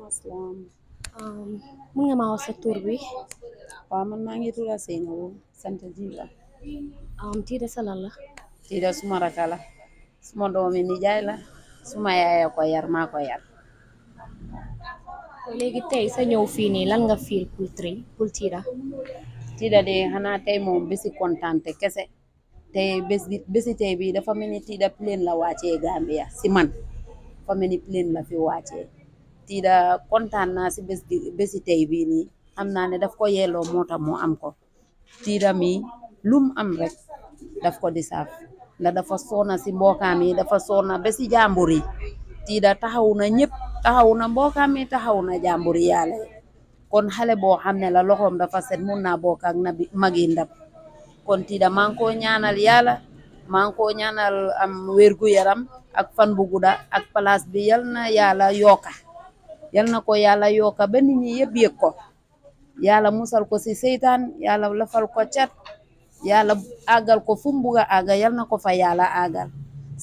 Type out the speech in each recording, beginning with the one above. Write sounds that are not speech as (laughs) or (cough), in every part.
waaleykum nga maa wax sa tur bi. waaw man maa ngi tudd Seynabou sant Jiba. Tida um, sa lan la. Tida suma raka la suma doomi nijaay la suma yaaya ko yar maa ko yar. léegi tey sa ñëw fii nii lan nga fiil pour tri pour Tida. Tida moom bési kontaante kese tey bés bési bi dafa mel ni Tida plane la wàccee Gambia si man dafa mel ni la fi wàccee. tiida kontaan naa si bés bési tey bii nii naa ne daf ko yelloo moo tax mu am ko tiida mi lum am rek daf ko di saaf ndax dafa soona si mbookaam yi dafa soona ba si jàmbur yi tiida taxaw na ñëpp taxaw na mbookaam yi taxaw na jàmbur yi yàlla kon xale boo xam ne la loxoom dafa set mun naa bokk ak nabi magi ndab kon tiida maa ngi koo ñaanal yàlla maa ngi koo ñaanal am gu yaram ak fan bu gudda ak place bi yal na yàlla yokka yal na ko yàlla yokka ba nit ñi yëpp yëg ko yàlla musal ko si seytaan yàlla lafal ko cat yàlla àggal ko fu mu bugg a na ko fa yàlla àggal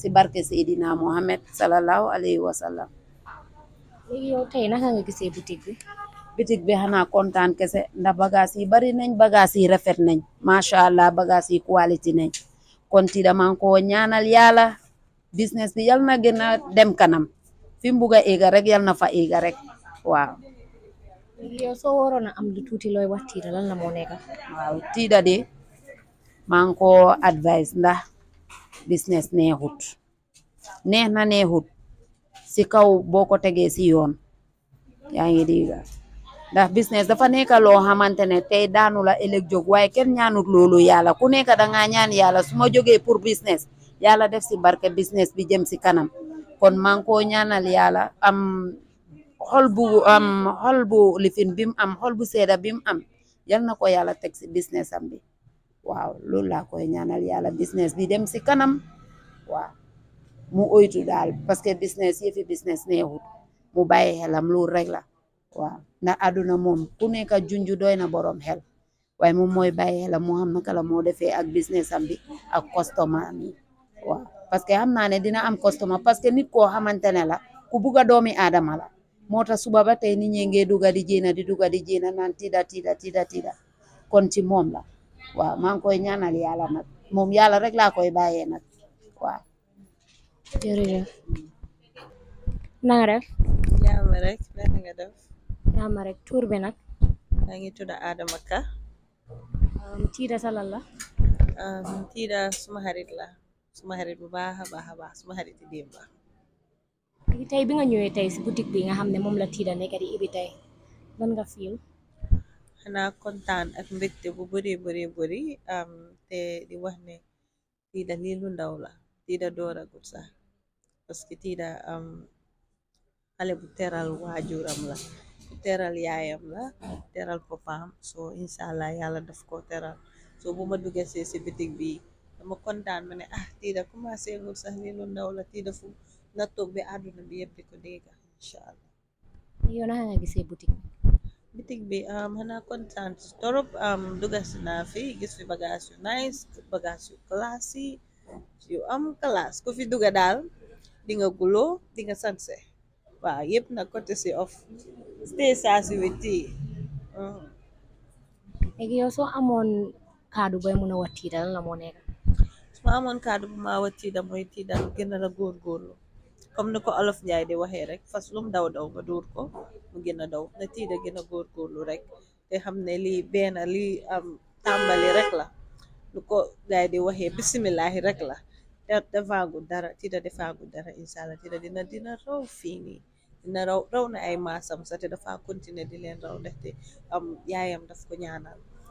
si barke Seydina Mohamed sallallahu alayhi wa sallam. léegi yow tey bi. boutique bi xanaa kontaan kese ndax bagages yi bari nañ bagages yi rafet nañ macha allah bagages yi qualité nañ kon ti ko ñaanal yàlla business bi yal na gën dem kanam. fim buga ega rek yal na fa ega rek waaw. yo so woro na am lu tuti loy wati da lan la mo neka waaw da de maa ko advice ndax business neexut neex na neexut si kaw boko tege si yoon yaa ngi ga ndax business dafa neka loo xamante ne tey daanu la elek jog way ken ñaanut lolu yalla ku neka da nga ñaan yalla suma joge pour business yalla def si barke business bi jëm si kanam kon maa ko ñaanal yalla am hol bu am hol bu lifin bim am hol bu seeda bim am yal na ko yàlla teg business am bi waaw loolu la koy ñaanal yalla business bi dem ci kanam waaw mu oytu dal, parce que business yefi business neexut mu baye helam lu rek la waaw na aduna mom ku junju doyna borom hel waye mom moy baye helam mo xam naka la mo defé ak business am bi ak customer am yi waaw parce que xam dina am customer parce que nit ko xamantene la ku buga domi adama la mota suba nit ñi ngey duga di jéena di duga di jéena nan tida tiida tiida tiida kon ci mom la wa ma ng koy ñaanal yalla nak mom yalla rek la koy nak wa waaw. jërëjëf. na nga def. jaama rek na nga def. jaama rek tur bi nak maa ngi tudd Adama Ka. Um, tiida sa lan um, suma harit la. suma xarit bu baax a baax a baax suma xarit yi démb baax tey bi nga ñëwee tey si boutique bi nga xam ne moom la tiida nekk di ibi tey lan nga fiil xanaa kontaan ak mbégte bu bëree bëree bari te di wax ne tiida lii lu ndaw la tiida dooragul sax parce que tiida am xale bu teral waajuram la bu teral yaayam la teral papaam so incha allah yàlla daf ko teral soo bu ma duggee si bitig bi dama kontaan mane ah tiida commencé ngul sax ni lu ndaw la tiida fu nga toog bi àdduna bi yëpp di ko dégga incha allah yow naka nga gisee boutique bi bitik bi am xanaa kontaan torop am duga naa fi gis fi bagage yu nice bagage yu classy yu am classe ku fi duga daal di nga guloo di nga sanse waaw yëpp nag côté si of stay saasi wi tii mm. léegi yow soo amoon kaadu bay mun a wattiidal la moo nekk ma amoon kàddu bu ma war tiida mooy tiidal gën a góorgóorlu comme ni ko olof njaay di waxee rek fas lum daw daw nga dóor ko mu gën a daw na tiida gën a góorgóorlu rek te xam ne lii beena lii am tàmbali rek la lu ko gaay di waxee bisimilahi rek la te defaagu dara tiida defaagu dara incha allah tiida dina dina raw fii nii dina raw na ay maasam sa dafa continuer di leen raw ndaxte am yaayam daf ko ñaana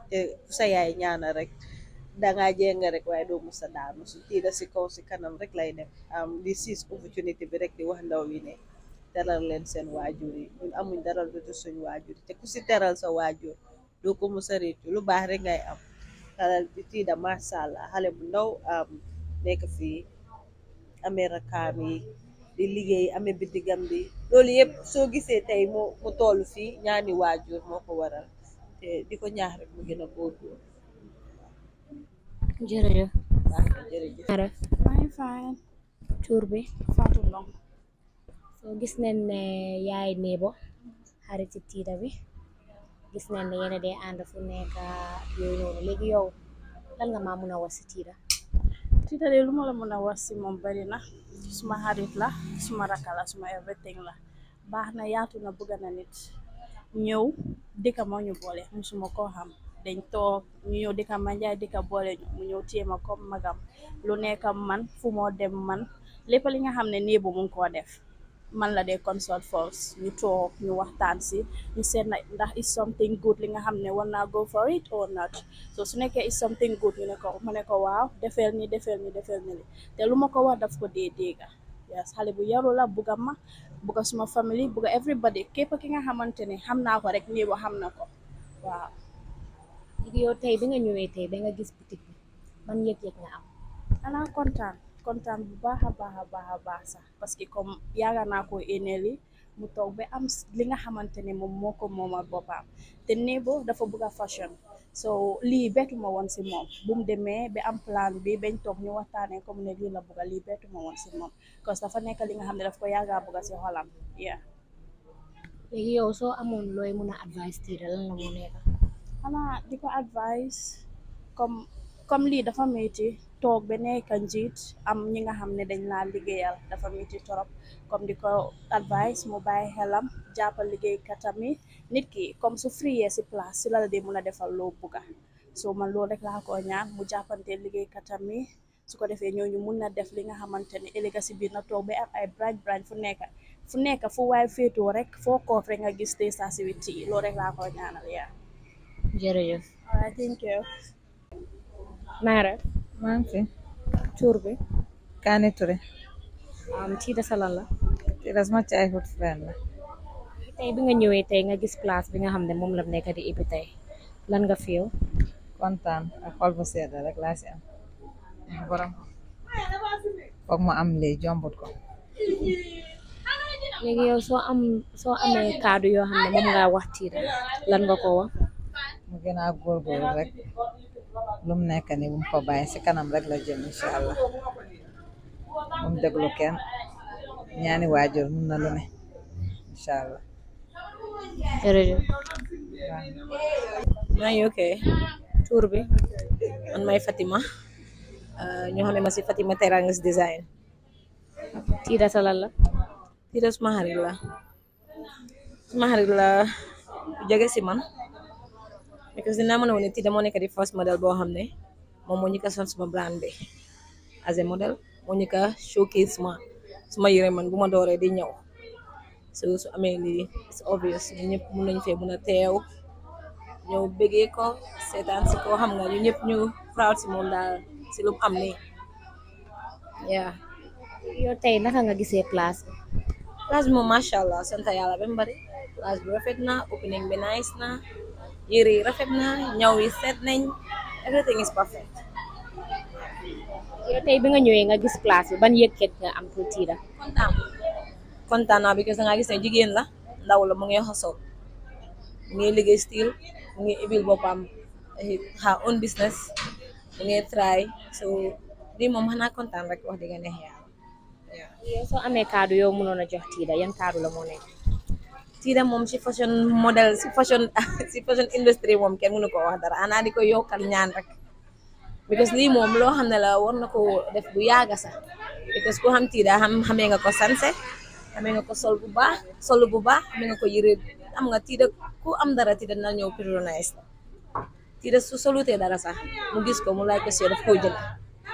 te sa yaay ñaanal rek dangaa jénga rek waaye doo musa daanu su tiida si kaw si kanam rek lay dem am di siis opportunité bi rek di wax ndaw yi ne teral leen seen waajur yi ñun amuñ dara lu dul suñ waajur yi te ku si teral sa waajur doo ko musa réccu lu baax rek ngay am xalal di tiida masha xale bu ndaw am nekk fii amee rakaam yi di liggéey amee bitigam bi loolu yëpp soo gisee tey mu mu toll fii ñaani waajur moo ko waral te di ko ñaax rek mu gën a góorgóorlu jërëjëf. jërëjëf. maa ngi bi. Fatou Long. gis nañ ne yaay Nébo xariti tiita bi gis nañ ne yéen a dee ànd fu nekk yooyu léegi yow lan nga maa mun a wax si de lu ma la mun a wax moom bari na suma xarit la suma rakka la suma everything la baax na yaatu na bëgg na nit ñëw dëkk moo ñu boole musuma koo xam. dañ toog ñu ñëw ka ma njaay ka boole ñu mu ñëw comme magam lu nekkam man fu moo dem man lépp li nga xam ne nii bu mu ngi koo def man la dee consult force ñu toog ñu waxtaan si ñu seet na ndax is something good li nga xam ne go for it or not so su nekkee is something good ñu ne ko ma ne ko waaw defeel ni defeel ni defeel ni te lu ma ko wax daf ko dee déega yes xale bu yaru la buga ma buga suma family buga everybody képp ki nga xamante ne xam naa ko rek nii bu xam ko waaw yow tey bi nga ñëwee tey ba nga gis boutique bi man yëg-yëg nga am xanaa kontaan kontaan bu baax a baax a baax sax parce que comme yaaga naa ko éneeli mu toog ba am li nga xamante ne moom moo ko moomal boppam te Nebo dafa bëgg a fashion so lii bettuma woon si moom bu demee ba am plan bi bañ toog ñu waxtaanee comme ne lii la bëgg a lii bettuma woon si moom parce que dafa nekk li nga xam ne daf ko yaaga bëgg si xolam yeah yow soo amoon looy mun a advice tiira lan la mu nekk xanaa di ko advice comme comme lii dafa metti toog ba nekk njiit am ñi nga xam ne dañ laa liggéeyal dafa metti torop comme di ko advice mu bàyyi xelam jàppal liggéeykatami nit ki comme su friyee si place si la dee mun a defal loo bugga so man loolu rek laa ko ñaan mu jàppante liggéeykatami su ko defee ñooñu mun a def li nga xamante ne ëllëga si biir na toog ba ay branch branch fu nekk fu nekk fu waay féetoo rek foo koof rek nga gis tey saa si witti loolu rek laa ko ñaanal jërëjëf. waaw thank you. naa def. maa ngi fi. tur bi. Kaane Touré. am Tida sa lan la. Tida sama childhood friend la. Tay bi nga ñëwee tey nga gis place bi nga xam ne moom la nekk di ibbi tey lan nga feel. kontaan ak xol bu sedd ya. rek laa si am borom foog ma am lii jombut ko léegi yow so am so amee kaddu yoo xam ne moom nga wax Tida lan nga ko wax mu gën a rek lum nekk ni bum mu ko bàyyi si kanam rek la jëm inshallah allah deglu mu kenn ñaani wajur mun na lu ne inshallah allah. Ya, jërëjëf. maa ya, ngi ok tur bi on may Fatima ñu eh, xamee ma si Fatima Terangis design. Tida Salal la. ti suma xarit la suma la jage si man because dinaa mën a wane ti dama nekk first model bo xamné mom mo ñika ñu brand bi as a model mo ñika showcase ma suma yéré man buma ready di ñew so su amé li it's obvious ñi ñep mu nañ fé mëna téw ñew ñëw ko sétan si ko xam nga ñu ñep ñu proud si mom dal si lu am né yeah yo tay naka nga gisé place place mo machallah santa allah sant bari place bi rafet na opening bi nice na yiri rafet na ñaw yi set nañ everything is perfect yow tay bi nga ñëwé nga gis place ban yëkkat nga am pour tiira kontaan kontaan na because nga gis ne jigen la ndaw la mu ngi xoso mu ngi liggé style mu ngi ibil bopam ha eh, own business mu ngi try so di mom xana kontaan rek wax di nga neex yàlla yow soo amee kaadu yow mënon na jox tiira yeen cadeau la mo nekk si de moom si fashion model si fashion (laughs) si fashion moom kenn mënu ko wax dara ana di ko yokkal ñaan rek because lii moom loo xam ne la war na ko def bu yaaga sax because ku xam tiida xam xamee nga ko sanse xamee nga ko sol bu baax sol bu baax xamee nga ko yëre am nga tiida ku am dara tiida na ñëw péronise tiida su solutee dara sax mu gis ko mu laaj ko si daf koo jël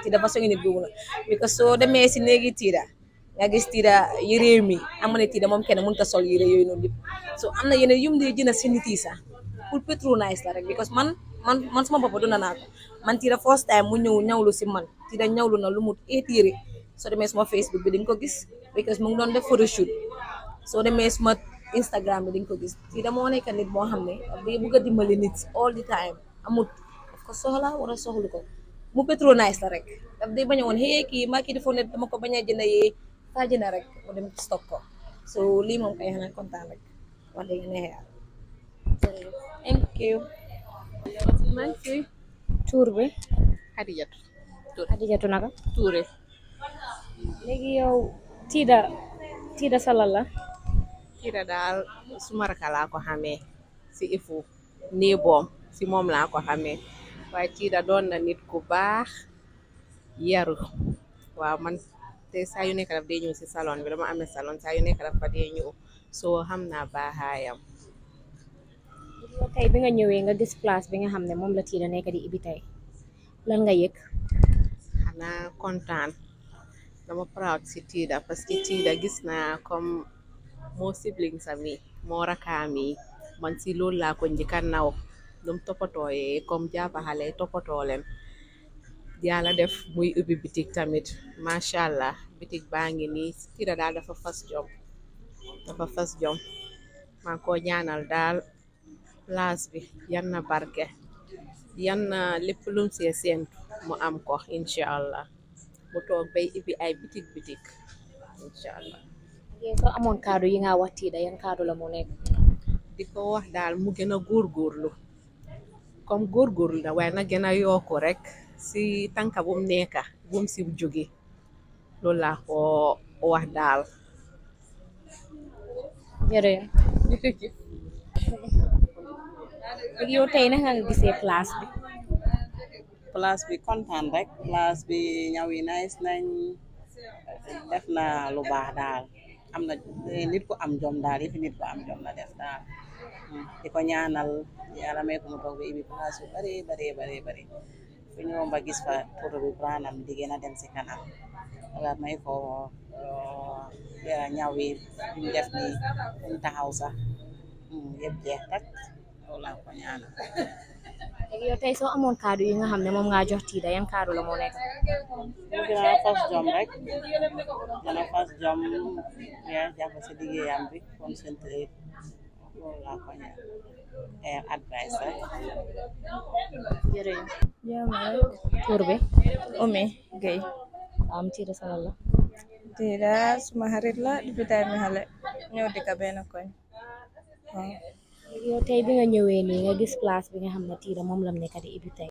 tiida façon nit boobu because soo demee si néegi tiida nga gis tiira yi réew mi am na tiira moom kenn mënut a sol yére yooyu noonu yëpp so am na yeneen yu mu dee jënd si nit yi sax pour patroniser la rek because man man man sama bopp dund man tiira first time mu ñëw ñawlu si man tiira ñawlu na lu mu eight yére soo demee suma Facebook bi di ko gis because mu ngi doon def photoshoot soo demee suma Instagram bi di nga ko gis tiira moo nekk nit moo xam ne day bëgg a dimbali nit all the time amut daf ko soxla wala soxlu ko mu patroniser la rek daf day bañ a woon xëyee kii maa ne dama ko bañ a jëndee kaa rek mu dem stock ko so lii moom kay xanaa kontaan rek wax dëgg neex yàlla thank you man fi tuur bi Hadijatu Hadijatu naka Tuure léegi yow tiida tiida salal la tiida daal suma raka laa ko xamee si ifu nii boom si moom laa ko xamee waaye tiida doon na nit ku baax yaru waaw man te saa yu nekk daf dee ñëw si salon bi dama amee salon saa yu nekk daf fa dee ñëw soo xam naa baaxaayam tey bi nga ñëwee nga gis place bi nga xam ne moom la tiida nekk di ibi tey lan nga yëg xanaa kontaan dama proud si tiida parce que tiida gis naa comme moo sibling sa mi moo rakaam yi man si loolu laa ko njëkka naw num toppatooyee comme jàppa xale toppatoo leen yàlla def muy ubbi bitik tamit macha allah bitik bangi ni nii Sira daal dafa fas jom dafa fas jom man ko ñaanal dal place bi yanna barke yanna lepp lépp lum see mu am ko inshallah allah mu toog bay ibi ay bitik bitik inshallah allah. ko amoon cadeau yi nga wax da yan cadeau la mo nek di wax dal mu gën gor góorgóorlu comme góorgóorlu la way na gëna yoko rek si tanka bu neka, bu si jóge loolu laax ko wax daal jërëjëf léegi yow tey naka nga gisee place bi place bi kontaan rek place bi ñaw yi nice nañ def na lu baax daal am na nit ku am jom daal yëfi nit ku am jom la def daal hmm. di ko ñaanal yàlla may ko mu toog ba ibi place yu bare bare bare fu ñëwoon ba gis fa photo bi branam di dem si kanam wala may ko ñaw yi ñu def ni ñu taxaw sax yëpp jeex tak loolu ko ñaanal léegi yow ya, tey soo amoon kaadu yi nga xam ne nga jox la fas jom rek fas jom ya jàpp si liggéeyam ya, bi concentrate. loolu laa ko ñaan bi Oumy Gueye am tiida sanal la suma xarit la dipitaay mi xale ñëw dëkk benn koñ tey bi nga nga gis place bi xam ne tiida moom lam nekk di ibi